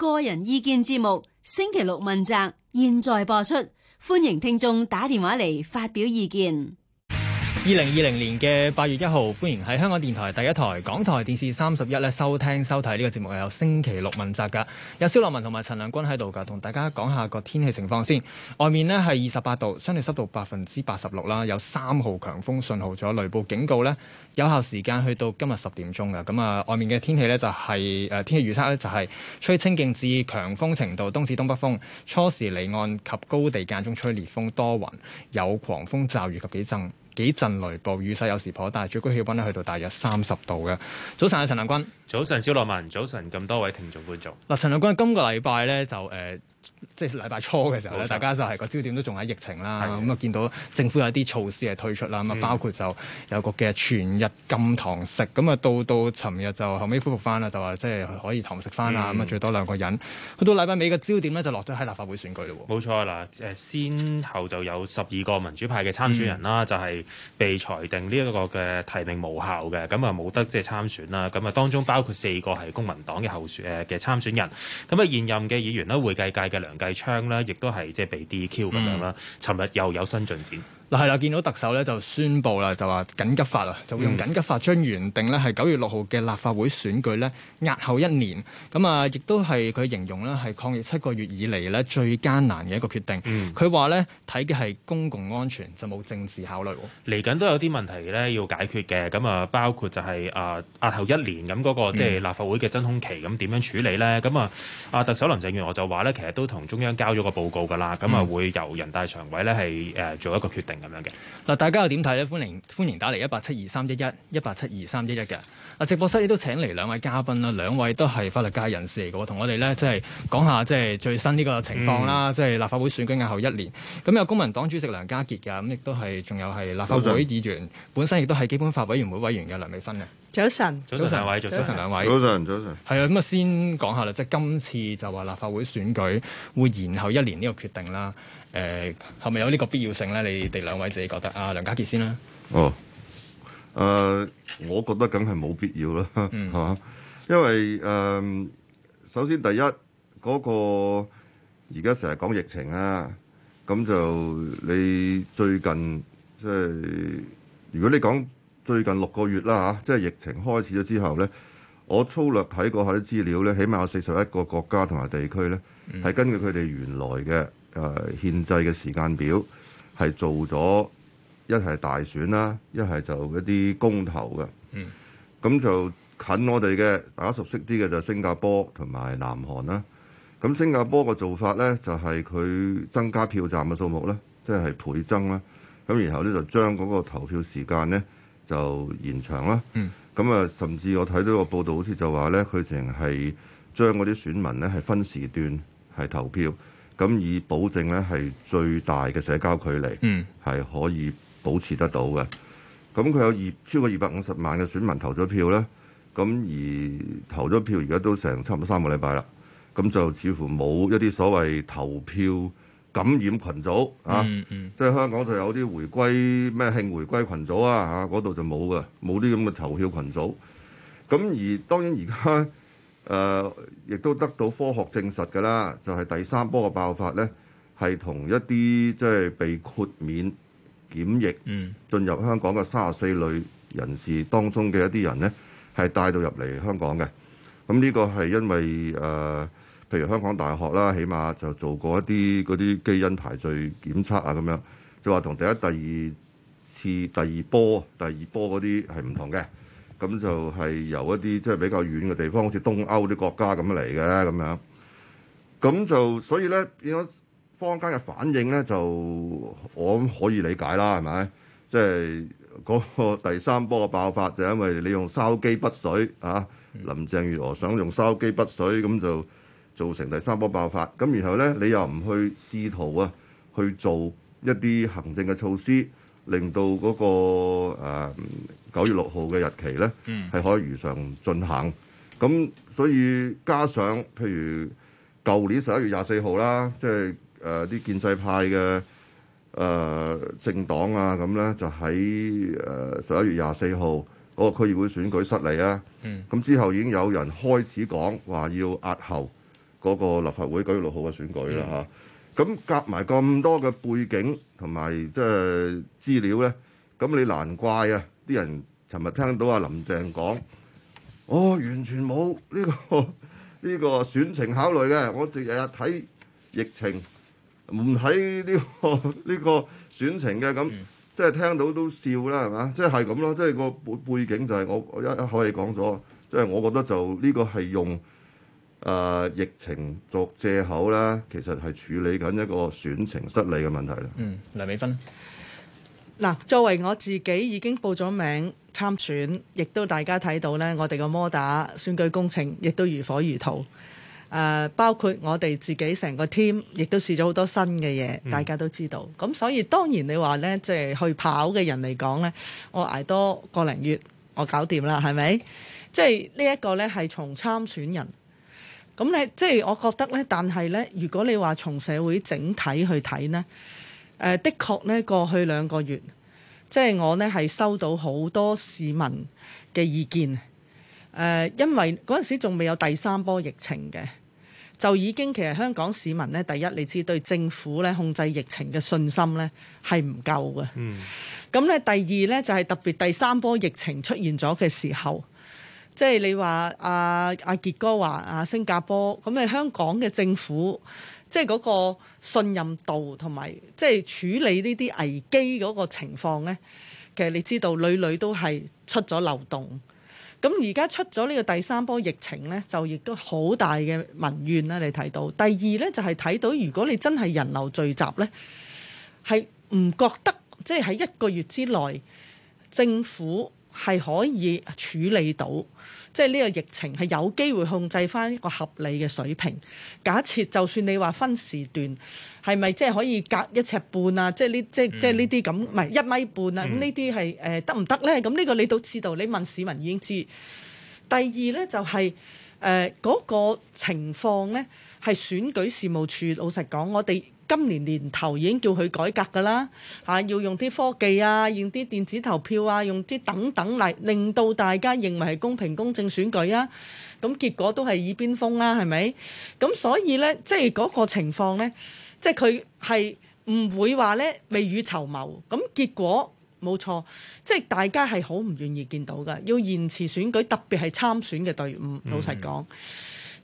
個人意見節目星期六問責，現在播出，歡迎聽眾打電話嚟發表意見。二零二零年嘅八月一號，歡迎喺香港電台第一台、港台電視三十一咧收聽收睇呢個節目。有星期六問責噶有蕭樂文同埋陳亮君喺度噶，同大家講下個天氣情況先。外面呢係二十八度，相對濕度百分之八十六啦。有三號強風信號，仲有雷暴警告呢有效時間去到今日十點鐘噶。咁、嗯、啊，外面嘅天氣呢，就係、是、誒、呃、天氣預測呢就係、是、吹清勁至強風程度，東至東北風初時離岸及高地間中吹烈風多雲，多雲有狂風驟雨及幾陣。幾陣雷暴，雨勢有時頗大，最高氣温呢去到大約三十度嘅。早晨，陳林君。早晨，小羅文。早晨，咁多位聽眾觀眾。嗱、啊，陳亮君，今個禮拜咧就誒、呃，即係禮拜初嘅時候咧，錯大家就係個焦點都仲喺疫情啦。咁啊的，嗯、見到政府有啲措施係推出啦。咁啊、嗯，包括就有個嘅全日禁堂食。咁啊，到到尋日就後尾恢復翻啦，就話即係可以堂食翻啦。咁啊、嗯，最多兩個人。去到禮拜尾嘅焦點呢就落咗喺立法會選舉咯。冇、嗯、錯啦。誒，先後就有十二個民主派嘅參選人啦，嗯、就係被裁定呢一個嘅提名無效嘅，咁啊冇得即係參選啦。咁啊，當中包。包括四個係公民黨嘅候選誒嘅、呃、參選人，咁啊現任嘅議員啦，會計界嘅梁繼昌啦，亦都係即係被 DQ 咁樣啦，尋、嗯、日又有新進展。嗱係啦，見到特首咧就宣布啦，就話緊急法啊，就會用緊急法將原定咧係九月六號嘅立法會選舉咧押後一年。咁啊，亦都係佢形容咧係抗疫七個月以嚟咧最艱難嘅一個決定。佢話咧睇嘅係公共安全，就冇政治考慮。嚟緊都有啲問題咧要解決嘅，咁啊包括就係、是、啊、呃、押後一年、那個，咁嗰個即係立法會嘅真空期，咁點樣處理呢？咁啊，啊特首林鄭月娥就話咧，其實都同中央交咗個報告㗎啦，咁啊會由人大常委咧係誒做一個決定。咁樣嘅嗱，大家又點睇呢？歡迎歡迎打嚟一八七二三一一一八七二三一一嘅嗱，7, 23, 11, 2, 13, 直播室亦都請嚟兩位嘉賓啦，兩位都係法律界人士嚟嘅，同我哋呢，即係講下即係最新呢個情況啦，嗯、即係立法會選舉延後一年，咁有公民黨主席梁家傑嘅，咁亦都係仲有係立法會議員上，本身亦都係基本法委員會委員嘅梁美芬嘅晨晨。早晨，早晨，兩位，早晨，早晨，早晨，早晨，係啊，咁啊先講下啦，即係今次就話立法會選舉會延後一年呢個決定啦。誒係咪有呢個必要性咧？你哋兩位自己覺得啊，梁家傑先啦。哦，誒、呃，我覺得梗係冇必要啦。嚇、嗯啊，因為誒、呃，首先第一嗰、那個而家成日講疫情啊，咁就你最近即係、就是、如果你講最近六個月啦嚇、啊，即係疫情開始咗之後咧，我粗略睇過下啲資料咧，起碼有四十一個國家同埋地區咧，係根據佢哋原來嘅。嗯誒，憲制嘅時間表係做咗一係大選啦，一係就一啲公投嘅。嗯，咁就近我哋嘅大家熟悉啲嘅就係新加坡同埋南韓啦。咁新加坡個做法咧就係、是、佢增加票站嘅數目啦，即、就、係、是、倍增啦。咁然後咧就將嗰個投票時間咧就延長啦。嗯，咁啊，甚至我睇到個報道好似就話咧，佢淨係將嗰啲選民咧係分時段係投票。咁以保證咧係最大嘅社交距離，係、嗯、可以保持得到嘅。咁佢有二超過二百五十萬嘅選民投咗票咧，咁而投咗票而家都成差唔多三個禮拜啦。咁就似乎冇一啲所謂投票感染群組啊，嗯嗯、即係香港就有啲回歸咩慶回歸群組啊，嚇嗰度就冇嘅，冇啲咁嘅投票群組。咁而當然而家。誒、呃，亦都得到科學證實嘅啦，就係、是、第三波嘅爆發咧，係同一啲即係被豁免檢疫進入香港嘅三十四類人士當中嘅一啲人咧，係帶到入嚟香港嘅。咁、嗯、呢、這個係因為誒、呃，譬如香港大學啦，起碼就做過一啲嗰啲基因排序檢測啊，咁樣就話同第一、第二次、第二波、第二波嗰啲係唔同嘅。咁就係由一啲即係比較遠嘅地方，好似東歐啲國家咁嚟嘅咁樣。咁就所以咧，變咗坊間嘅反應咧，就我諗可以理解啦，係咪？即係嗰個第三波嘅爆發，就因為你用筲箕筆水啊，林鄭月娥想用筲箕筆水，咁就造成第三波爆發。咁然後咧，你又唔去試圖啊，去做一啲行政嘅措施，令到嗰個，呃九月六號嘅日期咧，係、嗯、可以如常進行。咁所以加上譬如舊年十一月廿四號啦，即係誒啲建制派嘅誒、呃、政黨啊，咁咧就喺誒十一月廿四號嗰個區議會選舉失利啊。咁、嗯、之後已經有人開始講話要押後嗰個立法會九月六號嘅選舉啦、啊、嚇。咁夾埋咁多嘅背景同埋即係資料咧，咁你難怪啊！啲人尋日聽到阿林鄭講，哦，完全冇呢、這個呢、這個選情考慮嘅，我淨日日睇疫情唔睇呢個呢、這個選情嘅，咁即係聽到都笑啦，係嘛、就是？即係係咁咯，即係個背背景就係、是、我一一口氣講咗，即、就、係、是、我覺得就呢個係用誒、呃、疫情作借口啦，其實係處理緊一個選情失利嘅問題啦。嗯，梁美芬。嗱，作為我自己已經報咗名參選，亦都大家睇到呢，我哋個摩打選舉工程亦都如火如荼。誒、呃，包括我哋自己成個 team，亦都試咗好多新嘅嘢，大家都知道。咁、嗯、所以當然你話呢，即係去跑嘅人嚟講呢，我挨多個零月，我搞掂啦，係咪？即係呢一個呢，係從參選人。咁你，即係我覺得呢，但係呢，如果你話從社會整體去睇呢。呃、的確呢，過去兩個月，即係我呢係收到好多市民嘅意見。誒、呃，因為嗰陣時仲未有第三波疫情嘅，就已經其實香港市民呢，第一，你知對政府咧控制疫情嘅信心呢係唔夠嘅。嗯。咁咧，第二呢，就係、是、特別第三波疫情出現咗嘅時候，即係你話阿阿傑哥話阿、啊、新加坡，咁你香港嘅政府，即係嗰個信任度同埋，即係處理呢啲危機嗰個情況呢，其實你知道屢屢都係出咗漏洞。咁而家出咗呢個第三波疫情呢，就亦都好大嘅民怨啦。你睇到第二呢，就係睇到如果你真係人流聚集呢，係唔覺得即係喺一個月之內政府係可以處理到。即係呢個疫情係有機會控制翻一個合理嘅水平。假設就算你話分時段，係咪即係可以隔一尺半啊？嗯、即係呢即即係呢啲咁，唔係一米半啊？咁、嗯呃、呢啲係誒得唔得咧？咁呢個你都知道，你問市民已經知。第二咧就係誒嗰個情況咧，係選舉事務處老實講，我哋。今年年頭已經叫佢改革噶啦，嚇、啊、要用啲科技啊，用啲電子投票啊，用啲等等嚟令到大家認為係公平公正選舉啊，咁、啊、結果都係耳邊風啦，啊，係咪？咁、啊、所以呢，即係嗰個情況呢，即係佢係唔會話呢未雨綢繆，咁、啊、結果冇錯，即係大家係好唔願意見到嘅，要延遲選舉，特別係參選嘅隊伍，嗯、老實講。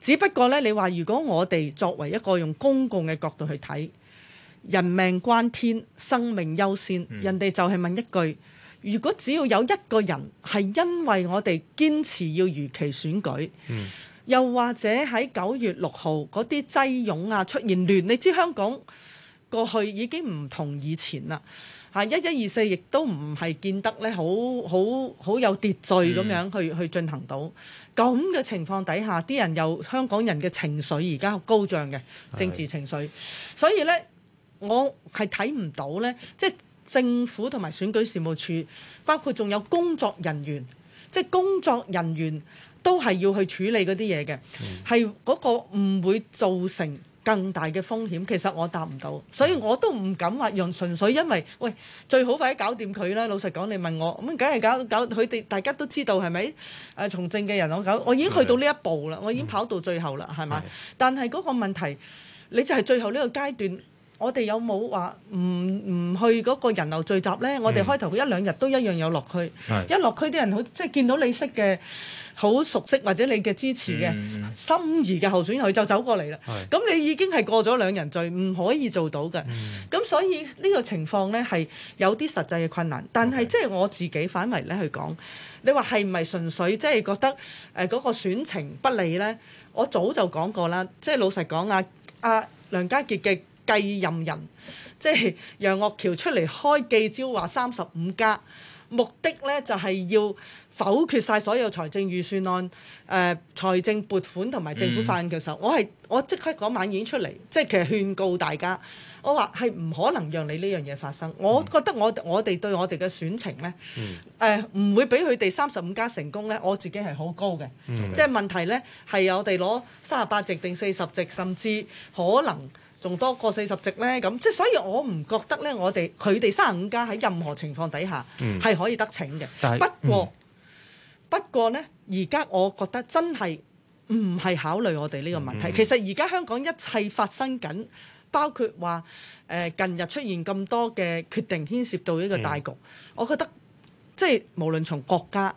只不過咧，你話如果我哋作為一個用公共嘅角度去睇，人命關天，生命優先，人哋就係問一句：如果只要有一個人係因為我哋堅持要如期選舉，嗯、又或者喺九月六號嗰啲擠擁啊，出現亂，你知香港過去已經唔同以前啦。嚇一一二四亦都唔係見得咧，好好好有秩序咁樣去、嗯、去進行到咁嘅情況底下，啲人又香港人嘅情緒而家好高漲嘅政治情緒，係，所以咧我係睇唔到咧，即、就、係、是、政府同埋選舉事務處，包括仲有工作人員，即、就、係、是、工作人員都係要去處理嗰啲嘢嘅，係嗰、嗯、個唔會造成。更大嘅風險，其實我答唔到，所以我都唔敢話用純粹因為，喂，最好快啲搞掂佢啦。老實講，你問我，咁梗係搞搞佢哋，大家都知道係咪？誒，從政嘅人我搞，我已經去到呢一步啦，的我已經跑到最後啦，係咪？的但係嗰個問題，你就係最後呢個階段。我哋有冇話唔唔去嗰個人流聚集呢？我哋開頭一兩日都一樣有落區，嗯、一落區啲人好即係見到你識嘅好熟悉或者你嘅支持嘅、嗯、心儀嘅候選人，佢就走過嚟啦。咁、嗯、你已經係過咗兩人聚，唔可以做到嘅。咁、嗯、所以呢個情況呢，係有啲實際嘅困難。但係 Okay. 即係我自己反為咧去講，你話係唔係純粹即係覺得誒嗰、呃嗰個選情不利呢？我早就講過啦，即係老實講啊，阿、啊啊、梁家傑嘅繼任人，即係楊岳橋出嚟開記招，話三十五加，目的咧就係、是、要否決晒所有財政預算案、誒、呃、財政撥款同埋政府法案嘅時候，嗯、我係我即刻嗰晚已經出嚟，即係其實勸告大家，我話係唔可能讓你呢樣嘢發生。我覺得我、嗯、我哋對我哋嘅選情咧，誒、呃、唔、嗯、會俾佢哋三十五加成功咧，我自己係好高嘅，嗯、即係問題咧係我哋攞三十八席定四十席，甚至可能，仲多過四十席呢，咁即係所以我唔覺得呢，我哋佢哋三十五加喺任何情況底下係、嗯、可以得逞嘅。是不過、嗯、不過呢，而家我覺得真係唔係考慮我哋呢個問題。嗯、其實而家香港一切發生緊，包括話誒、呃、近日出現咁多嘅決定，牽涉到呢個大局。嗯、我覺得即係無論從國家，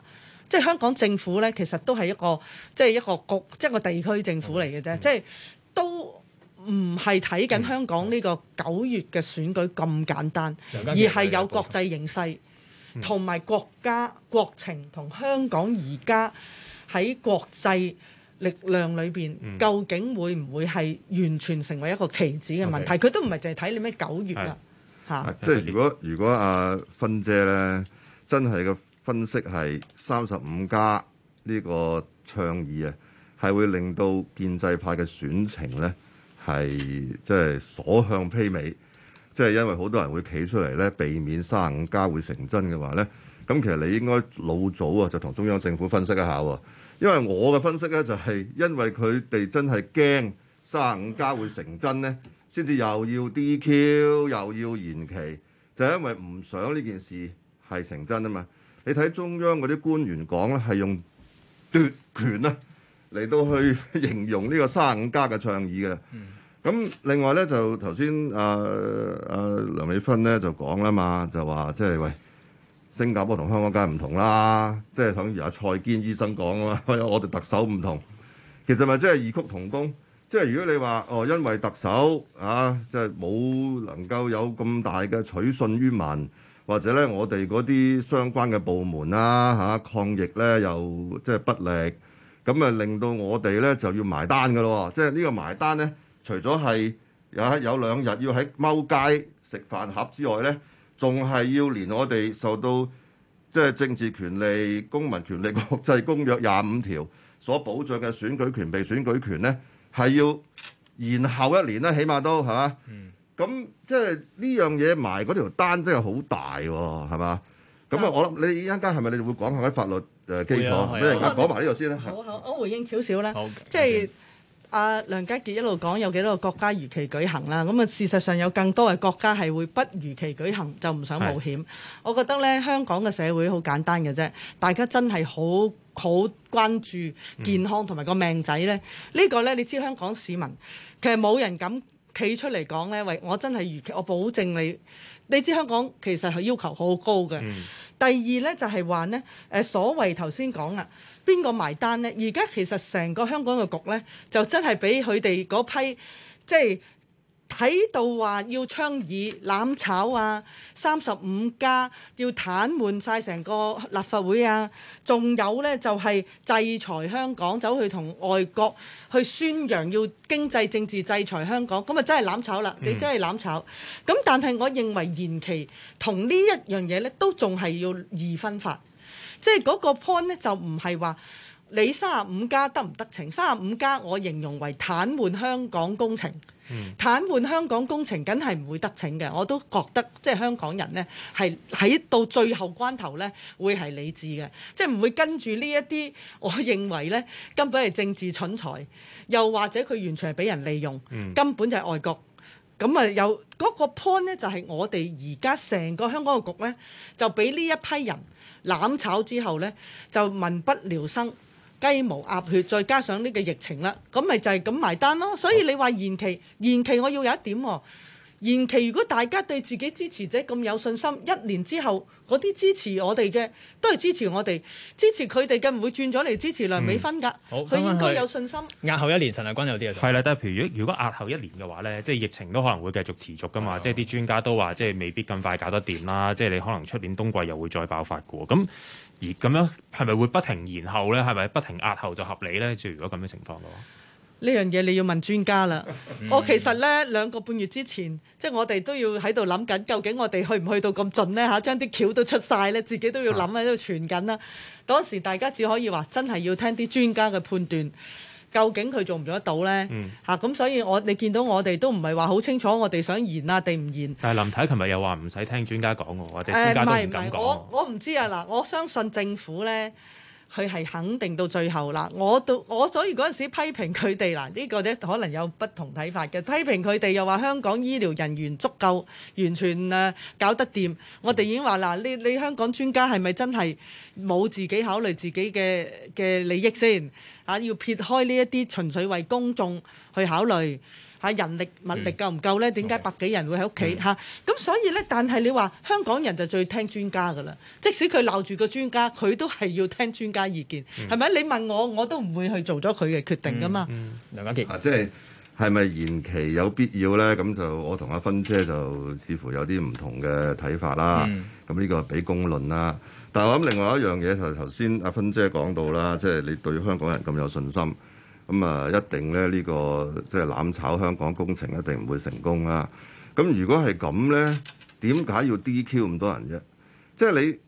即係香港政府呢，其實都係一個即係一個局，即係個地區政府嚟嘅啫。嗯、即係都。都唔係睇緊香港呢個九月嘅選舉咁簡單，嗯、而係有國際形勢同埋國家國情同香港而家喺國際力量裏邊、嗯、究竟會唔會係完全成為一個棋子嘅問題，佢 Okay, 都唔係淨係睇你咩九月是啊，嚇是。即係如果如果阿、啊、芬姐咧真係嘅分析係三十五加呢個倡議啊，係會令到建制派嘅選情咧。係即係所向披靡，即係因為好多人會企出嚟咧，避免卅五加會成真嘅話咧，咁其實你應該老早啊就同中央政府分析一下喎。因為我嘅分析咧就係因為佢哋真係驚卅五加會成真咧，先至又要 DQ 又要延期，就係因為唔想呢件事係成真啊嘛。你睇中央嗰啲官員講咧係用奪權啊！嚟到去形容呢個三五加嘅倡議嘅，咁、嗯、另外咧就頭先啊啊梁美芬咧就講啦嘛，就話即係喂，新加坡同香港梗係唔同啦，即係等如阿蔡堅醫生講啊嘛， 我哋特首唔同，其實咪即係異曲同工。即、就、係、是、如果你話哦，因為特首啊，即係冇能夠有咁大嘅取信於民，或者咧我哋嗰啲相關嘅部門啦嚇、啊、抗疫咧又即係、就是、不力。咁啊，令到我哋咧就要埋單嘅咯，即係呢個埋單咧，除咗係有有兩日要喺踎街食飯盒之外咧，仲係要連我哋受到即係、就是、政治權利、公民權利國際公約廿五條所保障嘅選舉權、被選舉權咧，係要延後一年咧，起碼都係嘛？咁、嗯、即係呢樣嘢埋嗰條單真係好大喎、哦，係嘛？咁啊，我諗你依家係咪你會講下啲法律？基礎，俾、啊啊、我講埋呢度先啦好是。我回應少少咧，即係阿梁家傑一路講有幾多個國家如期舉行啦。咁啊，事實上有更多嘅國家係會不如期舉行，就唔想冒險。是我覺得咧，香港嘅社會好簡單嘅啫，大家真係好好關注健康同埋個命仔咧。嗯、個呢個咧，你知香港市民其實冇人敢企出嚟講咧。喂，我真係如期，我保證你。你知香港其實係要求好高嘅。嗯第二咧就係話咧，誒所謂頭先講啊，邊個埋單咧？而家其實成個香港嘅局咧，就真係俾佢哋嗰批，即係。睇到話要倡議攬炒啊，三十五家要癱瘓晒成個立法會啊，仲有呢，就係、是、制裁香港，走去同外國去宣揚要經濟政治制裁香港，咁啊真係攬炒啦！你真係攬炒。咁、mm. 但係我認為延期同呢一樣嘢呢，都仲係要二分法，即係嗰個 point 咧就唔係話。你三十五加得唔得逞？三十五加我形容為癱瘓香港工程，癱瘓、嗯、香港工程梗係唔會得逞嘅。我都覺得即係、就是、香港人咧，係喺到最後關頭咧，會係理智嘅，即係唔會跟住呢一啲。我認為咧，根本係政治蠢才，又或者佢完全係俾人利用，根本就係外國。咁啊、嗯，有嗰、那個 point 咧，就係我哋而家成個香港嘅局咧，就俾呢一批人攬炒之後咧，就民不聊生。雞毛鴨血，再加上呢個疫情啦，咁咪就係咁埋單咯。所以你話延期，延期我要有一點喎、喔。延期如果大家對自己支持者咁有信心，一年之後嗰啲支持我哋嘅都係支持我哋，支持佢哋嘅唔會轉咗嚟支持梁美芬㗎。佢、嗯、應該有信心。嗯、押後一年，陳麗君有啲係。係啦，但係譬如如果押後一年嘅話咧，即係疫情都可能會繼續持續㗎嘛。嗯、即係啲專家都話，即係未必咁快搞得掂啦。即係你可能出年冬季又會再爆發㗎喎。咁。而咁樣係咪會不停延後呢？係咪不，不停押後就合理呢？即如果咁嘅情況嘅話，呢樣嘢你要問專家啦。 我其實呢兩個半月之前，即係我哋都要喺度諗緊，究竟我哋去唔去到咁盡呢？嚇、啊，將啲橋都出晒，咧，自己都要諗喺度存緊啦。 當時大家只可以話，真係要聽啲專家嘅判斷。究竟佢做唔做得到咧？嚇咁、嗯，啊、所以我你見到我哋都唔係話好清楚我，啊，我哋想延啊定唔延？但係林太琴日又話唔使聽專家講喎，或者專家都唔敢講喎，誒唔係唔係，我我唔知啊嗱，我相信政府咧。佢係肯定到最後啦，我到我所以嗰陣時批評佢哋嗱，呢個咧可能有不同睇法嘅，批評佢哋又話香港醫療人員足夠，完全誒、啊、搞得掂，我哋已經話嗱，你你香港專家係咪真係冇自己考慮自己嘅嘅利益先啊？要撇開呢一啲，純粹為公眾去考慮。嚇人力物力夠唔夠咧？點解百幾人會喺屋企嚇？咁、嗯啊、所以咧，但係你話香港人就最聽專家噶啦。即使佢鬧住個專家，佢都係要聽專家意見，係咪、嗯？你問我，我都唔會去做咗佢嘅決定噶嘛。嗯嗯、梁家傑、啊，即係係咪延期有必要咧？咁就我同阿芬姐就似乎有啲唔同嘅睇法啦。咁呢、嗯、個係俾公論啦。但係我諗另外一樣嘢就係頭先阿芬姐講到啦，即、就、係、是、你對香港人咁有信心。咁啊、嗯！一定咧，呢、這個即係攬炒香港工程一定唔會成功啦。咁如果係咁呢，點解要 DQ 咁多人啫？即係你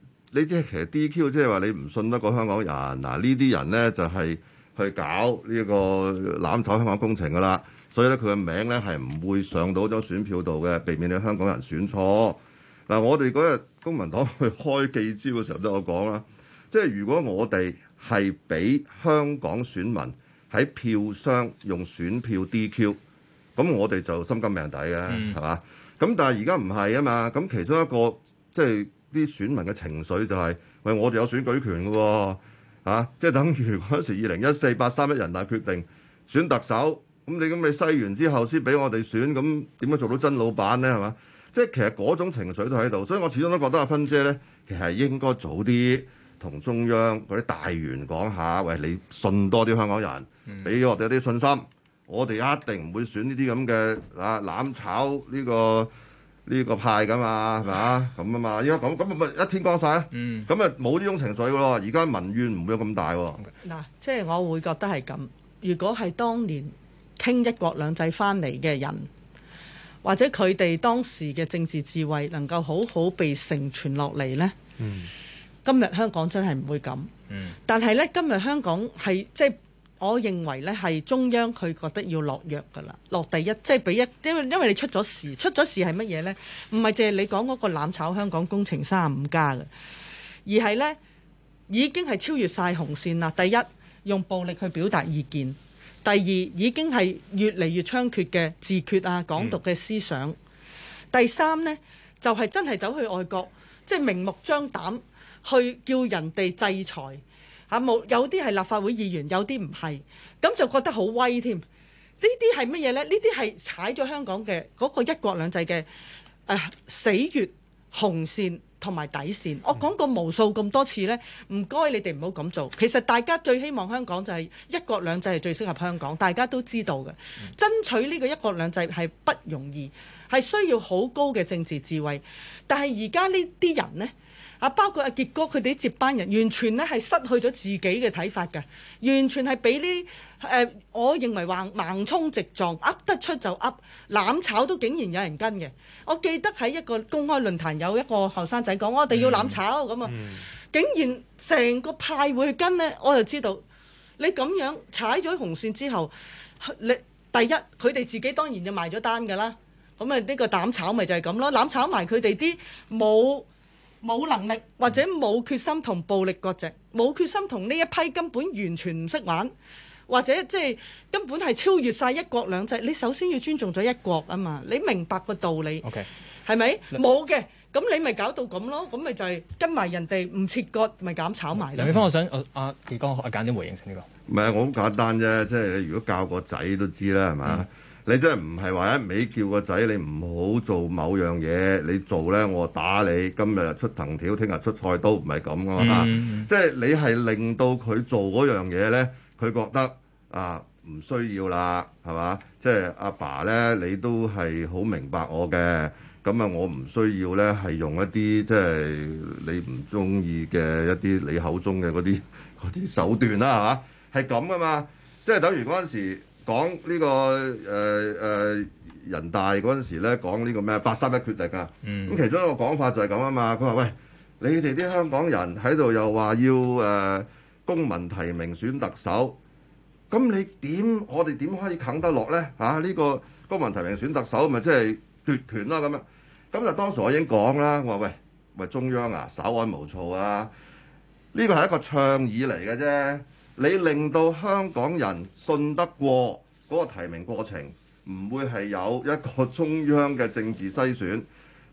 你即係其實 DQ 即係話你唔信得過香港人嗱呢啲人呢，就係、是、去搞呢個攬炒香港工程噶啦。所以咧，佢嘅名呢，係唔會上到張選票度嘅，避免你香港人選錯嗱、啊。我哋嗰日公民黨去開記招嘅時候都有講啦，即係如果我哋係俾香港選民。喺票箱用選票 DQ，咁我哋就心甘命抵嘅，係、嗯、嘛？咁但係而家唔係啊嘛，咁其中一個即係啲選民嘅情緒就係、是，喂，我哋有選舉權嘅喎、啊，即係等於嗰時二零一四八三一人大決定選特首，咁你咁你篩完之後先俾我哋選，咁點樣做到真老闆呢？係嘛？即係其實嗰種情緒都喺度，所以我始終都覺得阿芬姐呢，其實應該早啲。同中央嗰啲大員講下，喂，你信多啲香港人，俾我哋啲信心，我哋一定唔會選呢啲咁嘅攬炒呢、呢個呢、呢個派噶嘛，係嘛咁啊嘛，依家咁咁咪一天光曬咧，咁啊冇呢種情緒咯。而家民怨唔會有咁大喎、啊。嗱、嗯，即係我會覺得係咁。如果係當年傾一國兩制翻嚟嘅人，或者佢哋當時嘅政治智慧能夠好好被承傳落嚟咧。嗯今日香港真係唔會咁，但係呢，今日香港係即係我認為呢係中央佢覺得要落藥㗎啦，落第一即係俾一，因為因為你出咗事，出咗事係乜嘢呢？唔係淨係你講嗰個攬炒香港工程三十五家嘅，而係呢已經係超越晒紅線啦。第一用暴力去表達意見，第二已經係越嚟越猖獗嘅自決啊，港獨嘅思想。嗯、第三呢，就係、是、真係走去外國，即、就、係、是、明目張膽。去叫人哋制裁嚇冇、啊、有啲係立法會議員，有啲唔係，咁就覺得好威添。呢啲係乜嘢呢？呢啲係踩咗香港嘅嗰個一國兩制嘅誒、啊、死穴、紅線同埋底線。我講過無數咁多次呢，唔該你哋唔好咁做。其實大家最希望香港就係一國兩制係最適合香港，大家都知道嘅。爭取呢個一國兩制係不容易，係需要好高嘅政治智慧。但係而家呢啲人呢。啊，包括阿傑哥佢哋接班人，完全咧係失去咗自己嘅睇法嘅，完全係俾呢誒，我認為話盲衝直撞，噏得出就噏。攬炒都竟然有人跟嘅。我記得喺一個公開論壇有一個後生仔講，我哋要攬炒咁啊，嗯、竟然成個派會跟呢，我就知道你咁樣踩咗紅線之後，你第一佢哋自己當然就埋咗單㗎啦，咁啊呢個攬炒咪就係咁咯，攬炒埋佢哋啲冇，冇能力或者冇決心同暴力割席，冇決心同呢一批根本完全唔識玩，或者即係根本係超越曬一國兩制。你首先要尊重咗一國啊嘛，你明白個道理？OK，係咪？冇嘅，咁你咪搞到咁咯，咁咪就係跟埋人哋唔切割，咪搞炒埋。梁美芬，我想我阿傑哥，我揀啲回應先呢個。唔係，我好簡單啫，即係如果教個仔都知啦，係嘛？你真係唔係話一味叫個仔，你唔好做某樣嘢，你做呢，我打你。今日出藤條，聽日出菜刀，唔係咁噶嘛。嗯、即係你係令到佢做嗰樣嘢呢，佢覺得啊唔需要啦，係嘛？即係阿爸，爸呢，你都係好明白我嘅。咁啊，我唔需要呢，係用一啲即係你唔中意嘅一啲你口中嘅嗰啲嗰啲手段啦，係嘛？係咁噶嘛。即係等於嗰陣時。講呢、這個誒誒、呃呃、人大嗰陣時咧，講呢個咩八三一決定啊，咁、嗯、其中一個講法就係咁啊嘛，佢話喂，你哋啲香港人喺度又話要誒、呃、公民提名選特首，咁你點我哋點可以啃得落咧嚇？呢、啊這個公民提名選特首咪即係奪權啦、啊、咁樣。咁就當時我已經講啦，我話喂，喂中央啊，稍安無躁啊，呢個係一個倡議嚟嘅啫。你令到香港人信得過嗰個提名過程，唔會係有一個中央嘅政治篩選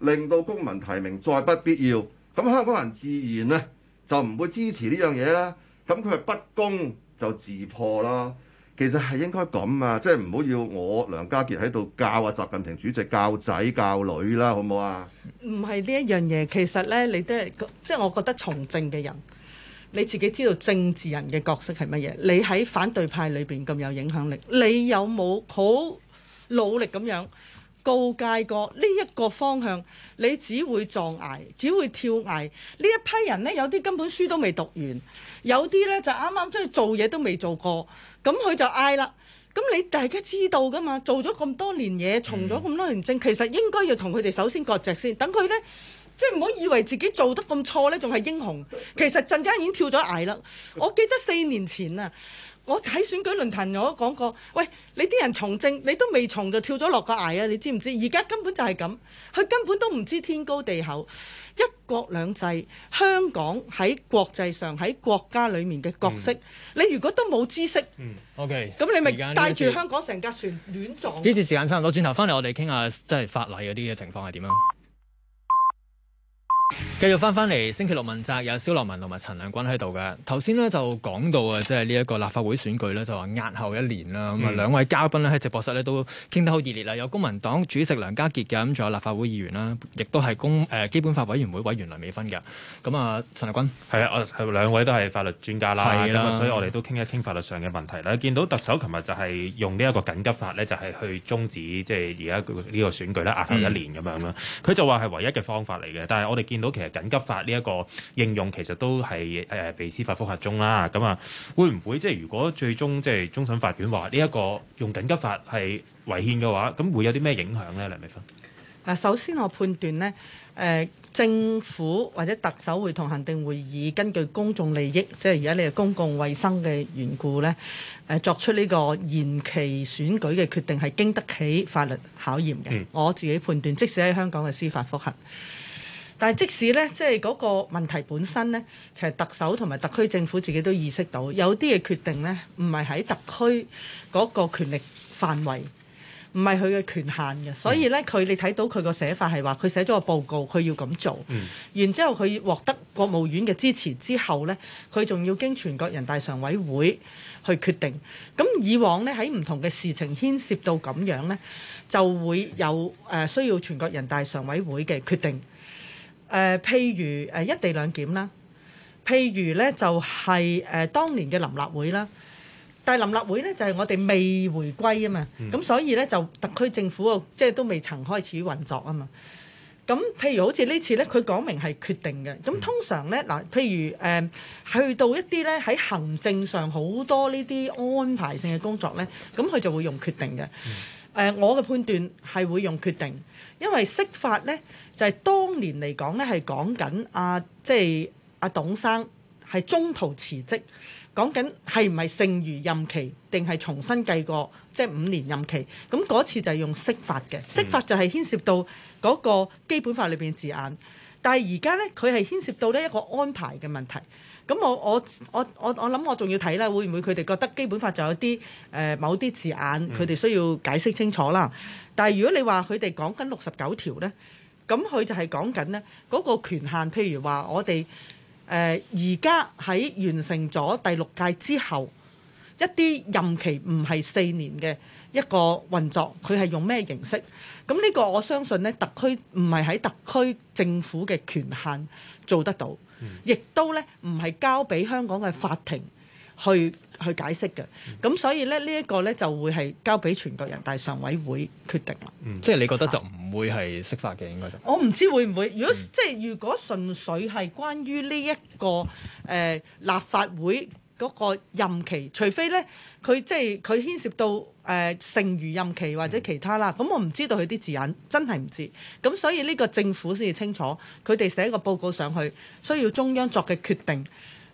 令到公民提名再不必要。咁香港人自然咧就唔會支持呢樣嘢啦。咁佢係不公就自破啦。其實，係應該咁啊，即係唔好要我梁家傑喺度教啊，習近平主席教仔教女啦，好唔好啊？唔係呢一樣嘢，其實咧，你都係，即係我覺得從政嘅人。你自己知道政治人嘅角色係乜嘢？你喺反對派裏邊咁有影響力，你有冇好努力咁樣告誡過呢一、這個方向？你只會撞崖，只會跳崖。呢一批人呢，有啲根本書都未讀完，有啲呢就啱啱出去做嘢都未做過，咁佢就嗌啦。咁你大家知道㗎嘛？做咗咁多年嘢，從咗咁多年政，嗯、其實應該要同佢哋首先割席先，等佢呢。即係唔好以為自己做得咁錯呢，仲係英雄。其實陣間已經跳咗崖啦。我記得四年前啊，我喺選舉論壇我都講過，喂，你啲人從政，你都未從就跳咗落個崖啊！你知唔知？而家根本就係咁，佢根本都唔知天高地厚。一國兩制，香港喺國際上喺國家裡面嘅角色，嗯、你如果都冇知識，嗯，OK，咁你咪帶住香港成架船亂撞。呢次，次時間差，我轉頭翻嚟，我哋傾下即係法例嗰啲嘅情況係點啊？繼續返返嚟星期六問責有蕭，有蕭立文同埋陳亮君喺度嘅。頭先呢就講到啊，即係呢一個立法會選舉咧就話押後一年啦。咁啊、嗯，兩位嘉賓咧喺直播室咧都傾得好熱烈啦。有公民黨主席梁家傑嘅，咁仲有立法會議員啦，亦都係公誒基本法委員會委員梁美芬嘅。咁啊，陳亮君係啊，我係兩位都係法律專家啦。係啦的，啊，所以我哋都傾一傾法律上嘅問題啦。見到特首琴日就係用呢一個緊急法咧，就係去終止即係而家呢個選舉咧押後一年咁樣啦。佢、嗯、就話係唯一嘅方法嚟嘅，但係我哋見。到其實緊急法呢一個應用，其實都係誒被司法覆核中啦。咁啊，會唔會即係如果最終即係、就是、終審法院話呢一個用緊急法係違憲嘅話，咁會有啲咩影響咧？梁美芬，嗱，首先我判斷咧，誒、呃、政府或者特首會同行政會議根據公眾利益，即係而家你係公共衛生嘅緣故咧，誒、呃、作出呢個延期選舉嘅決定係經得起法律考驗嘅。嗯、我自己判斷，即使喺香港嘅司法覆核。但係，即使呢，即係嗰個問題本身呢，其實特首同埋特區政府自己都意識到，有啲嘢決定呢，唔係喺特區嗰個權力範圍，唔係佢嘅權限嘅。所以呢，佢你睇到佢個寫法，係話佢寫咗個報告，佢要咁做。嗯。然之後，佢獲得國務院嘅支持之後呢，佢仲要經全國人大常委會去決定。咁以往呢，喺唔同嘅事情牽涉到咁樣呢，就會有誒、呃、需要全國人大常委會嘅決定。誒、呃，譬如誒、呃、一地兩檢啦，譬如咧就係、是、誒、呃、當年嘅臨立會啦，但係臨立會咧就係、是、我哋未回歸啊嘛，咁、嗯、所以咧就特區政府啊即係都未曾開始運作啊嘛，咁譬如好似呢次咧，佢講明係決定嘅，咁通常咧嗱、呃，譬如誒、呃、去到一啲咧喺行政上好多呢啲安排性嘅工作咧，咁佢就會用決定嘅。嗯。誒、呃，我嘅判斷係會用決定，因為釋法咧就係、是、當年嚟講咧係講緊阿即係阿、啊、董生係中途辭職，講緊係唔係剩餘任期定係重新計過即係五年任期，咁嗰次就係用釋法嘅，釋法就係牽涉到嗰個基本法裏邊字眼，但係而家咧佢係牽涉到呢一個安排嘅問題。咁我我我我我諗我仲要睇啦，會唔會佢哋覺得基本法就有啲誒、呃、某啲字眼，佢哋需要解釋清楚啦？但係如果你話佢哋講緊六十九條咧，咁佢就係講緊咧嗰個權限，譬如話我哋誒而家喺完成咗第六屆之後，一啲任期唔係四年嘅。一個運作，佢係用咩形式？咁呢個我相信呢，特區唔係喺特區政府嘅權限做得到，亦、嗯、都呢唔係交俾香港嘅法庭去去解釋嘅。咁所以呢，呢、這、一個呢就會係交俾全國人大常委會決定啦、嗯。即係你覺得就唔會係釋法嘅、啊、應該就？我唔知會唔會，如果、嗯、即係如果純粹係關於呢、這、一個、呃、立法會。嗰個任期，除非咧佢即係佢牽涉到誒、呃、剩餘任期或者其他啦，咁我唔知道佢啲字眼，真係唔知。咁所以呢個政府先至清楚，佢哋寫一個報告上去，需要中央作嘅決定，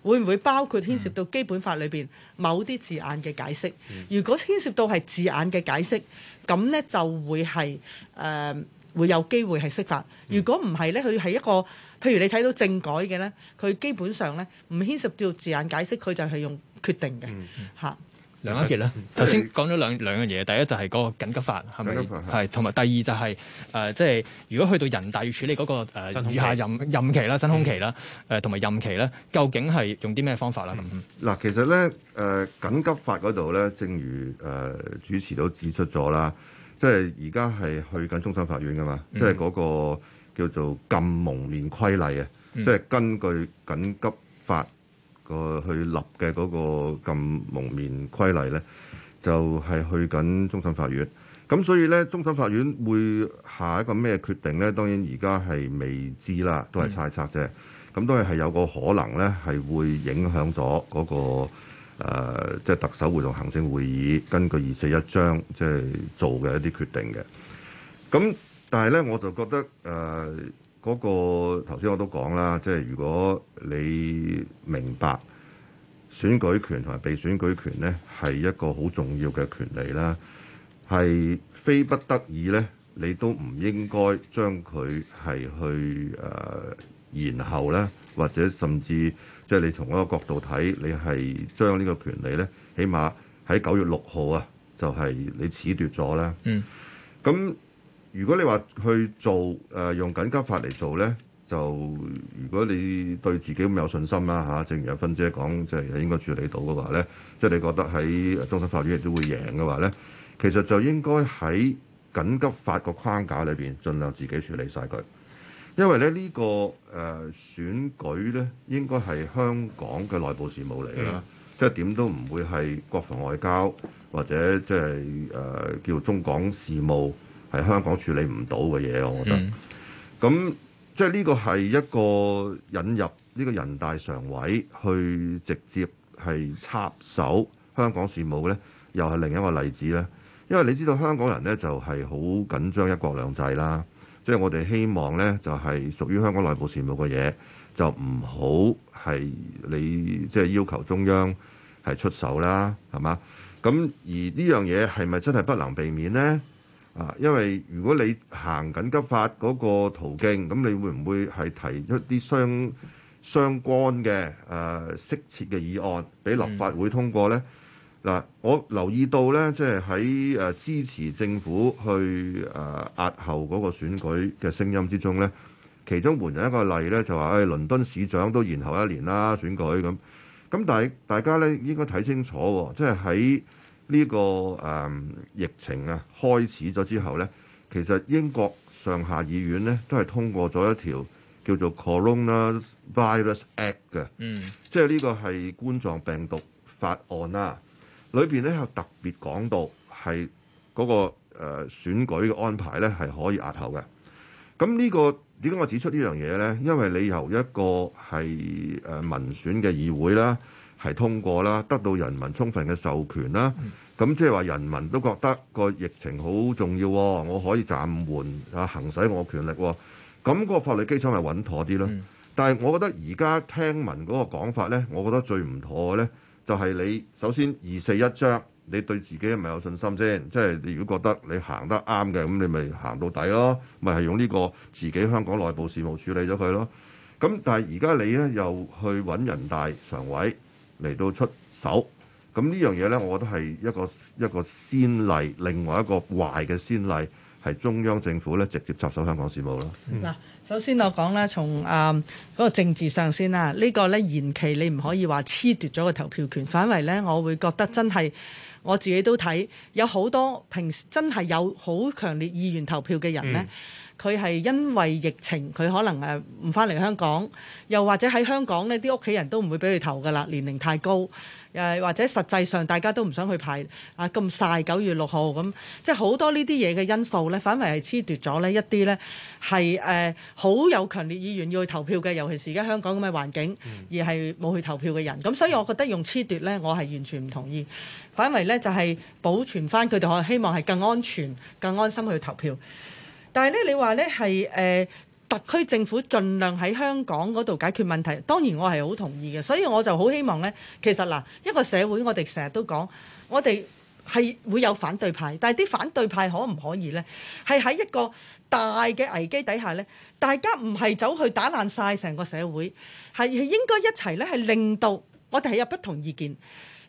會唔會包括牽涉到基本法裏邊某啲字眼嘅解釋？如果牽涉到係字眼嘅解釋，咁咧就會係誒、呃、會有機會係釋法。如果唔係咧，佢係一個。譬如你睇到政改嘅咧，佢基本上咧唔牽涉到字眼解釋，佢就係用決定嘅嚇。梁家傑咧，頭先講咗兩兩樣嘢，第一就係嗰個緊急法，係咪？係，同埋第二就係誒，即係如果去到人大要處理嗰個誒餘下任任期啦、真空期啦、誒同埋任期咧，究竟係用啲咩方法啦？嗱，其實咧誒緊急法嗰度咧，正如誒主持都指出咗啦，即係而家係去緊終審法院噶嘛，即係嗰個。叫做禁蒙面規例啊，嗯、即係根據緊急法個去立嘅嗰個禁蒙面規例咧，就係、是、去緊終審法院。咁所以咧，終審法院會下一個咩決定咧？當然而家係未知啦，都係猜測啫。咁都係係有個可能咧，係會影響咗嗰、那個即係、呃就是、特首會同行政會議根據二四、就是、一章即係做嘅一啲決定嘅。咁但係咧，我就覺得誒嗰、呃那個頭先我都講啦，即係如果你明白選舉權同埋被選舉權咧，係一個好重要嘅權利啦，係非不得已咧，你都唔應該將佢係去誒、呃、延後咧，或者甚至即係、就是、你從一個角度睇，你係將呢個權利咧，起碼喺九月六號啊，就係、是、你褫奪咗啦。嗯，咁。如果你話去做誒、呃、用緊急法嚟做呢，就如果你對自己咁有信心啦嚇、啊，正如阿芬姐講，即係應該處理到嘅話呢，即係你覺得喺終審法院亦都會贏嘅話呢，其實就應該喺緊急法個框架裏邊，盡量自己處理晒佢，因為咧呢、這個誒、呃、選舉呢應該係香港嘅內部事務嚟啦，的即係點都唔會係國防外交或者即係誒叫中港事務。係香港處理唔到嘅嘢，我覺得，咁、mm. 即係呢個係一個引入呢個人大常委去直接係插手香港事務咧，又係另一個例子咧。因為你知道香港人呢就係好緊張一國兩制啦，即係我哋希望呢就係屬於香港內部事務嘅嘢，就唔好係你即係、就係、要求中央係出手啦，係嘛？咁而呢樣嘢係咪真係不能避免呢？啊，因為如果你行緊急法嗰個途徑，咁你會唔會係提出啲相相關嘅誒適切嘅議案俾立法會通過呢？嗱、嗯啊，我留意到呢，即係喺誒支持政府去誒、呃、押後嗰個選舉嘅聲音之中呢，其中換一個例呢，就話誒、哎、倫敦市長都延後一年啦選舉咁，咁但係大家呢應該睇清楚、哦，即係喺。呢、這個誒、嗯、疫情啊，開始咗之後呢，其實英國上下議院呢都係通過咗一條叫做 Coronavirus Act 嘅，嗯、即係呢個係冠狀病毒法案啦、啊。裏邊呢，有特別講到係嗰、那個誒、呃、選舉嘅安排呢係可以押後嘅。咁呢、這個點解我指出呢樣嘢呢？因為你由一個係誒、呃、民選嘅議會啦。係通過啦，得到人民充分嘅授權啦。咁、嗯、即係話，人民都覺得個疫情好重要、哦，我可以暫緩啊，行使我嘅權力、哦。咁個法律基礎係穩妥啲咯。嗯、但係，我覺得而家聽聞嗰個講法呢，我覺得最唔妥嘅呢，就係、是、你首先二四一章，你對自己咪有信心先。即、就、係、是、你如果覺得你行得啱嘅，咁你咪行到底咯，咪、就、係、是、用呢個自己香港內部事務處理咗佢咯。咁但係而家你呢，又去揾人大常委，嚟到出手，咁呢樣嘢呢，我覺得係一個一個先例，另外一個壞嘅先例係中央政府呢，直接插手香港事務咯。嗱、嗯，首先我講啦，從誒嗰個政治上先啦，呢、這個呢，延期你唔可以話褫奪咗個投票權，反為呢，我會覺得真係我自己都睇有好多平時真係有好強烈意願投票嘅人呢。嗯佢係因為疫情，佢可能誒唔翻嚟香港，又或者喺香港呢啲屋企人都唔會俾佢投噶啦，年齡太高，誒、呃、或者實際上大家都唔想去排啊咁晒九月六號咁，即係好多呢啲嘢嘅因素咧，反為係褫奪咗呢一啲咧係誒好有強烈意願要去投票嘅，尤其是而家香港咁嘅環境，嗯、而係冇去投票嘅人。咁所以我覺得用褫奪咧，我係完全唔同意，反為咧就係、是、保存翻佢哋可能希望係更安全、更安心去投票。但係咧，你話咧係誒特區政府盡量喺香港嗰度解決問題，當然我係好同意嘅，所以我就好希望咧。其實嗱，一個社會我哋成日都講，我哋係會有反對派，但係啲反對派可唔可以咧係喺一個大嘅危機底下咧，大家唔係走去打爛晒成個社會，係應該一齊咧係令到我哋係有不同意見。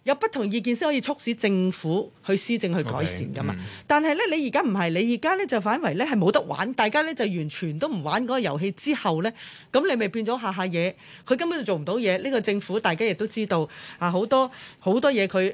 有不同意見先可以促使政府去施政去改善噶嘛？Okay, um, 但係咧，你而家唔係你而家咧就反為咧係冇得玩，大家咧就完全都唔玩嗰個遊戲。之後咧，咁你咪變咗下下嘢，佢根本就做唔到嘢。呢個政府大家亦都知道，啊好多好多嘢佢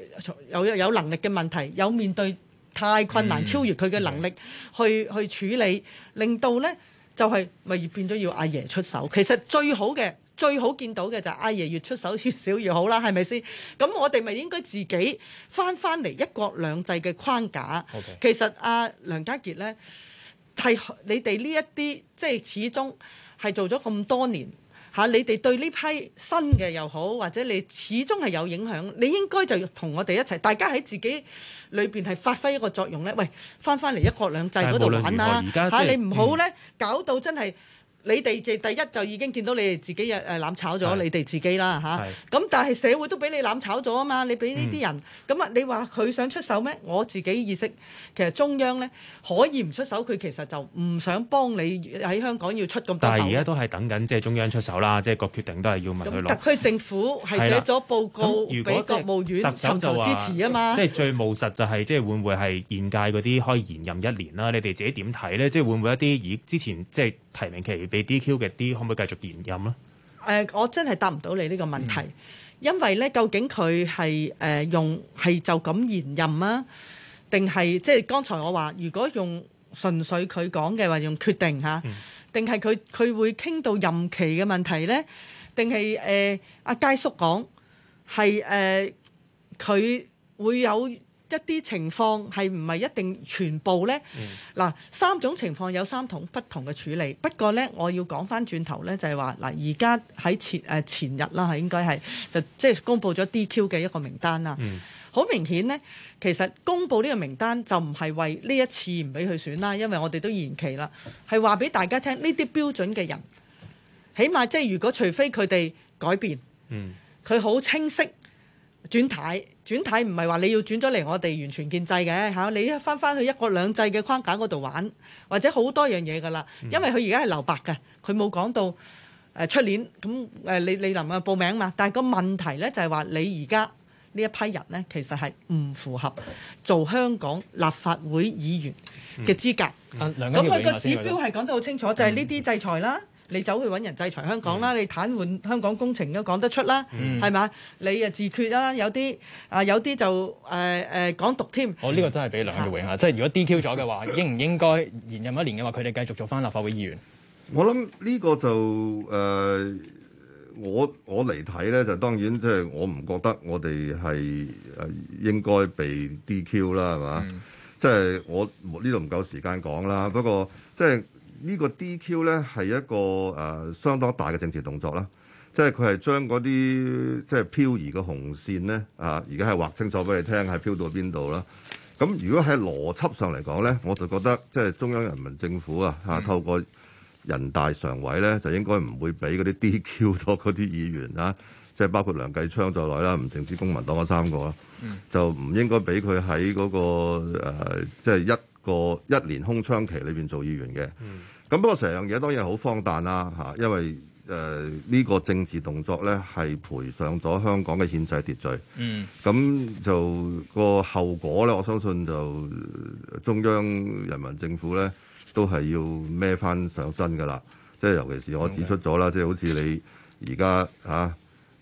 有有能力嘅問題有面對太困難、嗯、超越佢嘅能力去、嗯、去、去處理，令到咧就係、是、咪變咗要阿爺出手？其實最好嘅。最好見到嘅就係阿爺越出手越少越好啦，係咪先？咁我哋咪應該自己翻翻嚟一國兩制嘅框架。Okay. 其實阿、啊、梁家傑呢，係你哋呢一啲，即係始終係做咗咁多年嚇、啊，你哋對呢批新嘅又好，或者你始終係有影響，你應該就同我哋一齊，大家喺自己裏邊係發揮一個作用呢。喂，翻翻嚟一國兩制嗰度玩啦、啊、嚇、就是啊！你唔好呢，嗯、搞到真係。你哋就第一就已經見到你哋自己又誒攬炒咗你哋自己啦嚇，咁但係社會都俾你攬炒咗啊嘛！你俾呢啲人咁啊，你話佢想出手咩？我自己意識其實中央咧可以唔出手，佢其實就唔想幫你喺香港要出咁多。但係而家都係等緊即係中央出手啦，即係個決定都係要問佢落。咁特區政府係寫咗報告，俾國務院尋求支持啊嘛。即係最務實就係即係會唔會係現屆嗰啲可以延任一年啦？你哋自己點睇咧？即係會唔會一啲以之前即係。提名期被 DQ 嘅啲可唔可以繼續延任咧？誒、呃，我真係答唔到你呢個問題，嗯、因為咧，究竟佢係誒用係就咁延任啊，定係即係剛才我話如果用純粹佢講嘅話用決定嚇、啊，定係佢佢會傾到任期嘅問題咧？定係誒阿佳叔講係誒佢會有？一啲情況係唔係一定全部呢？嗱、嗯，三種情況有三種不同嘅處理。不過呢，我要講翻轉頭呢，就係話嗱，而家喺前誒、呃、前日啦，係應該係就即係公佈咗 DQ 嘅一個名單啦。好、嗯、明顯呢，其實公佈呢個名單就唔係為呢一次唔俾佢選啦，因為我哋都延期啦。係話俾大家聽，呢啲標準嘅人，起碼即係如果除非佢哋改變，佢好清晰。轉體，轉體唔係話你要轉咗嚟我哋完全建制嘅嚇、啊，你一翻翻去一國兩制嘅框架嗰度玩，或者好多樣嘢㗎喇，因為佢而家係留白嘅，佢冇講到誒出、呃、年咁誒你你能唔能報名嘛，但係個問題咧就係、是、話你而家呢一批人咧其實係唔符合做香港立法會議員嘅資格，咁佢個指標係講得好清楚，就係呢啲制裁啦。嗯你走去揾人制裁香港啦，嗯、你癱瘓香港工程都講得出啦，係嘛、嗯？你啊自決啦、啊，有啲啊有啲就誒誒港獨添。我、啊、呢、啊啊哦呢個真係俾兩做影啊！即係如果 DQ 咗嘅話，應唔應該延任一年嘅話，佢哋繼續做翻立法會議員？我諗呢個就誒、呃，我我嚟睇咧，就是、當然即係我唔覺得我哋係應該被 DQ 啦，係嘛？即係、嗯、我呢度唔夠時間講啦，不過即係。個呢個 DQ 咧係一個誒、呃、相當大嘅政治動作啦，即係佢係將嗰啲即係漂移嘅紅線咧啊，而家係畫清楚俾你聽係漂到邊度啦。咁如果喺邏輯上嚟講咧，我就覺得即係中央人民政府啊，嚇、啊、透過人大常委咧，就應該唔會俾嗰啲 DQ 咗嗰啲議員啊，即係包括梁繼昌在內啦，唔淨止公民黨嗰三個啦，嗯、就唔應該俾佢喺嗰個、呃、即係一個一年空窗期裏邊做議員嘅。嗯咁不過成樣嘢當然好荒誕啦嚇，因為誒呢、呃呢個政治動作咧係賠上咗香港嘅憲制秩序。嗯，咁就個後果咧，我相信就中央人民政府咧都係要孭翻上身噶啦。即係尤其是我指出咗啦 Okay.、啊，即係好似你而家嚇，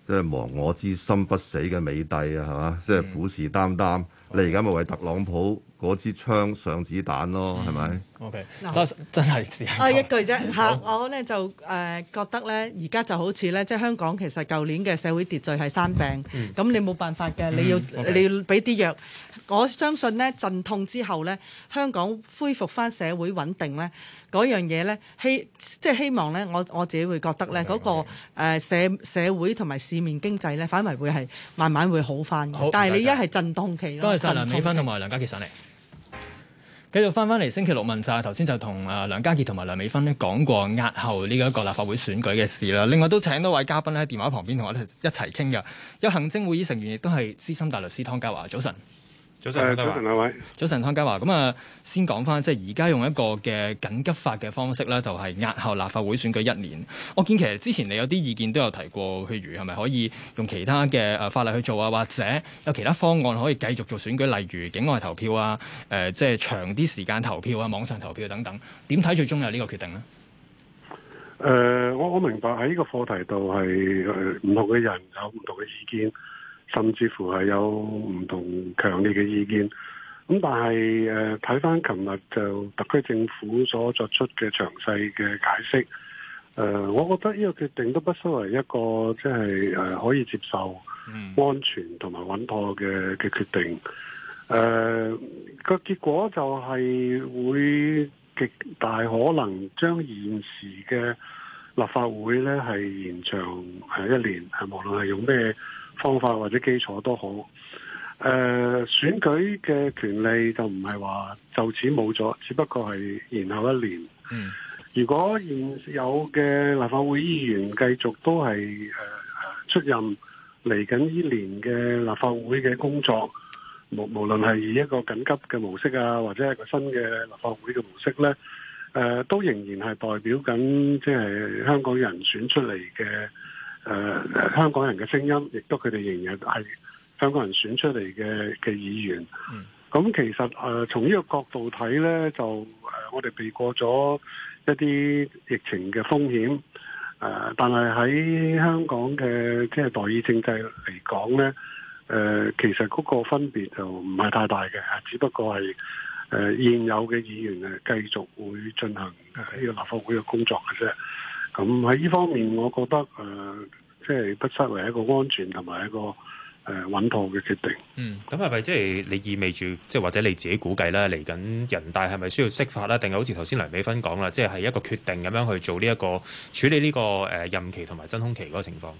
即係亡我之心不死嘅美帝啊，係嘛，即係、嗯、虎視眈眈。你而家咪為特朗普？嗰支槍上子彈咯，係咪？O K，嗱，真係試下。一句啫，嚇我咧就誒覺得咧，而家就好似咧，即係香港其實舊年嘅社會秩序係生病，咁你冇辦法嘅，你要你要俾啲藥。我相信咧，陣痛之後咧，香港恢復翻社會穩定咧，嗰樣嘢咧希即係希望咧，我我自己會覺得咧，嗰個社社會同埋市面經濟咧，反為會係慢慢會好翻。但係你而家係陣痛期咯。多謝晒梁美芬同埋梁家傑上嚟。繼續翻翻嚟，星期六問晒，頭先就同阿梁家傑同埋梁美芬咧講過押後呢一個立法會選舉嘅事啦。另外都請多位嘉賓喺電話旁邊同我哋一齊傾嘅，有行政會議成員亦都係資深大律師湯家驊，早晨。早晨，兩、呃、上位。早晨，湯家驊。咁啊，先講返，即係而家用一個嘅緊急法嘅方式咧，就係、是、押後立法會選舉一年。我見其實之前你有啲意見都有提過，譬如係咪可以用其他嘅誒法例去做啊，或者有其他方案可以繼續做選舉，例如境外投票啊，誒、呃、即係長啲時間投票啊，網上投票等等。點睇最終有呢個決定呢？誒、呃，我我明白喺呢個課題度係唔同嘅人有唔同嘅意見。甚至乎係有唔同強烈嘅意見，咁但係誒睇翻琴日就特區政府所作出嘅詳細嘅解釋，誒、呃、我覺得呢個決定都不失為一個即係誒可以接受、安全同埋穩妥嘅嘅決定。誒、呃、個結果就係會極大可能將現時嘅立法會呢係延長誒一年，係無論係用咩方法或者基礎都好，誒、呃、選舉嘅權利就唔係話就此冇咗，只不過係延後一年。嗯，如果現有嘅立法會議員繼續都係誒、呃、出任嚟緊呢年嘅立法會嘅工作，無無論係以一個緊急嘅模式啊，或者係個新嘅立法會嘅模式呢，誒、呃、都仍然係代表緊即係香港人選出嚟嘅。誒、呃，香港人嘅聲音，亦都佢哋仍然係香港人選出嚟嘅嘅議員。咁、嗯、其實誒、呃、從呢個角度睇呢，就誒、呃、我哋避過咗一啲疫情嘅風險。誒、呃，但係喺香港嘅即係代議政制嚟講呢，誒、呃、其實嗰個分別就唔係太大嘅，只不過係誒、呃、現有嘅議員誒繼續會進行呢個立法會嘅工作嘅啫。咁喺呢方面，我覺得誒，即係不失為一個安全同埋一個誒穩妥嘅決定。嗯，咁係咪即係你意味住，即係或者你自己估計啦，嚟緊人大係咪需要釋法啦？定係好似頭先梁美芬講啦，即係係一個決定咁樣去做呢、這、一個處理呢個誒任期同埋真空期嗰個情況？誒、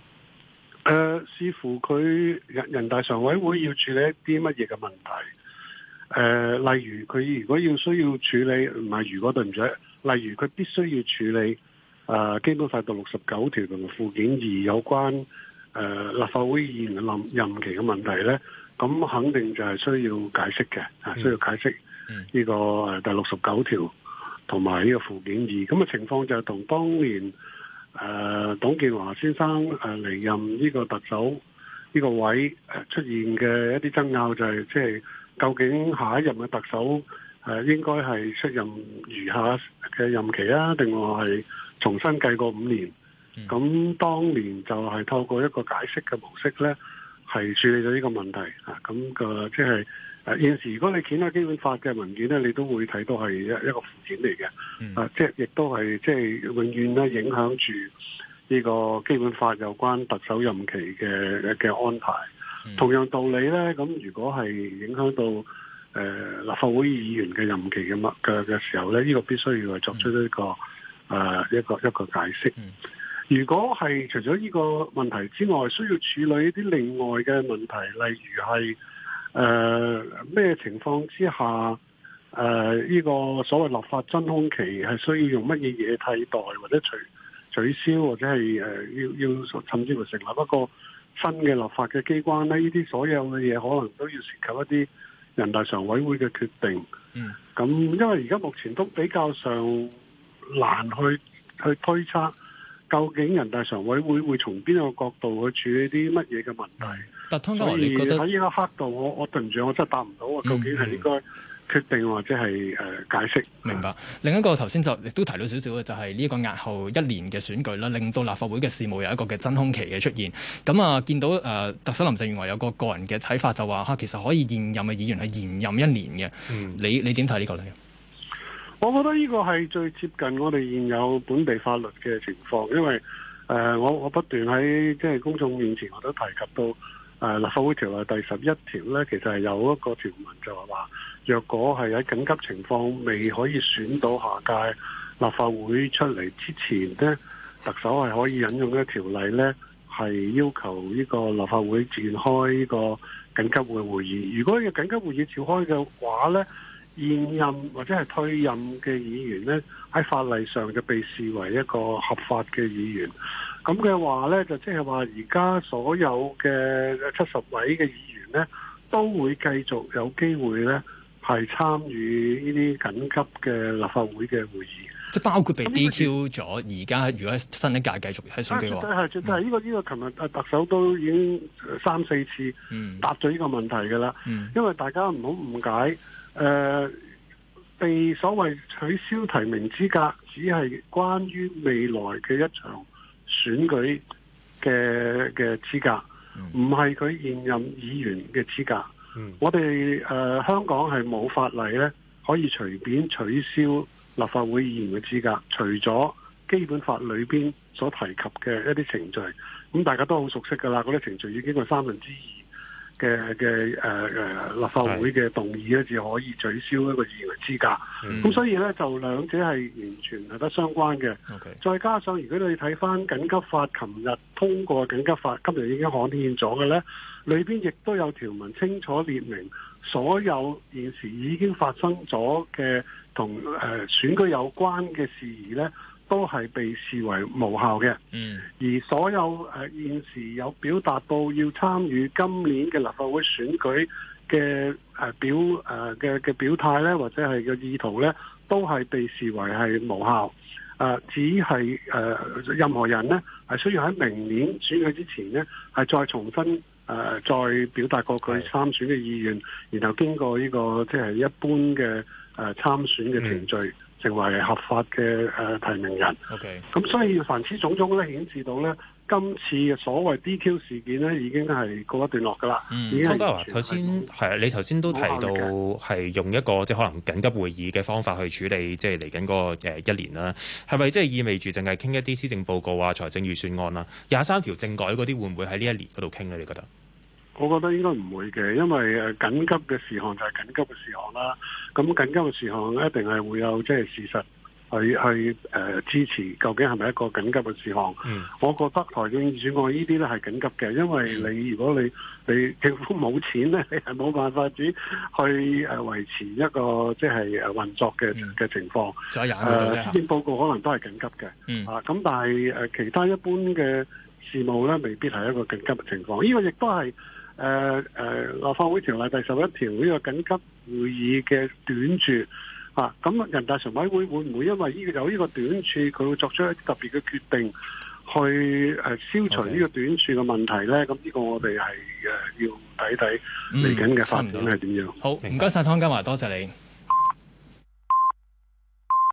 呃，視乎佢人人大常委會要處理一啲乜嘢嘅問題。誒、呃，例如佢如果要需要處理，唔係如果對唔住，例如佢必須要處理。誒基本法第六十九條同附件二有關誒、呃、立法會議員嘅任期嘅問題咧，咁肯定就係需要解釋嘅，啊、嗯、需要解釋呢個第六十九條同埋呢個附件二。咁、那、嘅、個、情況就係同當年誒、呃、董建華先生誒、呃、離任呢個特首呢個位出現嘅一啲爭拗、就是，就係即係究竟下一任嘅特首誒、呃、應該係出任餘下嘅任期啊，定話係？重新計過五年，咁當年就係透過一個解釋嘅模式咧，係處理咗呢個問題啊！咁、那、嘅、個、即係、呃、現時，如果你睇下基本法嘅文件咧，你都會睇到係一一個附件嚟嘅、嗯、啊！即係亦都係即係永遠咧影響住呢個基本法有關特首任期嘅嘅安排。嗯、同樣道理咧，咁如果係影響到誒、呃、立法會議員嘅任期嘅乜嘅嘅時候咧，呢、這個必須要作出一個。嗯誒、啊，一個一個解釋。如果係除咗呢個問題之外，需要處理一啲另外嘅問題，例如係誒咩情況之下，誒、呃、呢、這個所謂立法真空期係需要用乜嘢嘢替代，或者除取，取消，或者係誒、呃、要要，要甚至乎成立一個新嘅立法嘅機關咧？呢啲所有嘅嘢可能都要涉及一啲人大常委會嘅決定。嗯，咁因為而家目前都比較上，難去去推測究竟人大常委會會從邊個角度去處理啲乜嘢嘅問題？但通你覺得所以喺呢一刻度，我我對唔住，我真係答唔到。究竟係應該決定或者係誒、呃、解釋？明白。另一個頭先就亦都提到少少嘅，就係、是、呢個押後一年嘅選舉啦，令到立法會嘅事務有一個嘅真空期嘅出現。咁啊，見到誒、呃、特首林鄭月娥有個個人嘅睇法，就話吓其實可以現任嘅議員係現任一年嘅、嗯。你你點睇呢個咧？我覺得呢個係最接近我哋現有本地法律嘅情況，因為誒、呃，我我不斷喺即係公眾面前我都提及到誒、呃、立法會條例第十一條呢，其實係有一個條文就係話，若果係喺緊急情況未可以選到下屆立法會出嚟之前呢，特首係可以引用呢個條例呢，係要求呢個立法會召開呢個緊急會會議。如果要緊急會議召開嘅話呢，現任或者係退任嘅議員呢，喺法例上就被視為一個合法嘅議員。咁嘅話呢，就即係話而家所有嘅七十位嘅議員呢，都會繼續有機會呢，係參與呢啲緊急嘅立法會嘅會議。即包括被 DQ 咗，而家在、嗯、如果喺新一屆繼續喺選舉嘅話，呢個呢個，琴日啊特首都已經三四次答咗呢個問題㗎啦。嗯、因為大家唔好誤解，誒、呃、被所謂取消提名資格，只係關於未來嘅一場選舉嘅嘅資格，唔係佢現任議員嘅資格。嗯、我哋誒、呃、香港係冇法例咧，可以隨便取消立法會議員嘅資格，除咗基本法裏邊所提及嘅一啲程序，咁大家都好熟悉噶啦。嗰啲程序已經係三分之二嘅嘅誒誒立法會嘅動議，咧，至可以取消一個議員嘅資格。咁、嗯、所以呢，就兩者係完全係唔相關嘅。Okay. 再加上如果你睇翻緊急法，琴日通過緊急法，今日已經刊憲咗嘅呢。裏邊亦都有條文清楚列明，所有現時已經發生咗嘅同誒選舉有關嘅事宜呢，都係被視為無效嘅。嗯。而所有誒、呃、現時有表達到要參與今年嘅立法會選舉嘅誒、呃、表誒嘅嘅表態呢，或者係嘅意圖呢，都係被視為係無效。啊、呃，只係誒、呃、任何人呢，係需要喺明年選舉之前呢，係再重新。誒、呃，再表達過佢參選嘅意願，然後經過呢、這個即係一般嘅誒、呃、參選嘅程序，嗯、成為合法嘅誒、呃、提名人。OK，咁所以凡此種種咧，顯示到咧。今次嘅所謂 DQ 事件咧，已經係告一段落噶啦。嗯，湯家驊頭先係你頭先都提到係用一個即係可能緊急會議嘅方法去處理，即係嚟緊嗰個一年啦。係咪即係意味住淨係傾一啲施政報告啊、財政預算案啊、廿三條政改嗰啲會唔會喺呢一年嗰度傾咧？你覺得？我覺得應該唔會嘅，因為緊急嘅事項就係緊急嘅事項啦。咁緊急嘅事項一定係會有即係、就是、事實。去去誒、呃、支持，究竟係咪一個緊急嘅事項？嗯、我覺得財政選案呢啲咧係緊急嘅，因為你、嗯、如果你你政府冇錢咧，你係冇辦法只去誒維、呃、持一個即係誒運作嘅嘅情況。誒、嗯，施政、呃、報告可能都係緊急嘅。啊，咁、嗯、但係誒其他一般嘅事務咧，未必係一個緊急嘅情況。呢個亦都係誒誒立法會條例第十一條呢個緊急會議嘅短處。呃呃呃呃咁，人大常委會會唔會因為依個有呢個短處，佢會作出一啲特別嘅決定，去誒消除呢個短處嘅問題咧？咁呢 Okay. 個我哋係誒要睇睇嚟緊嘅發展係點樣，嗯。好，唔該晒，湯家驊，多謝你。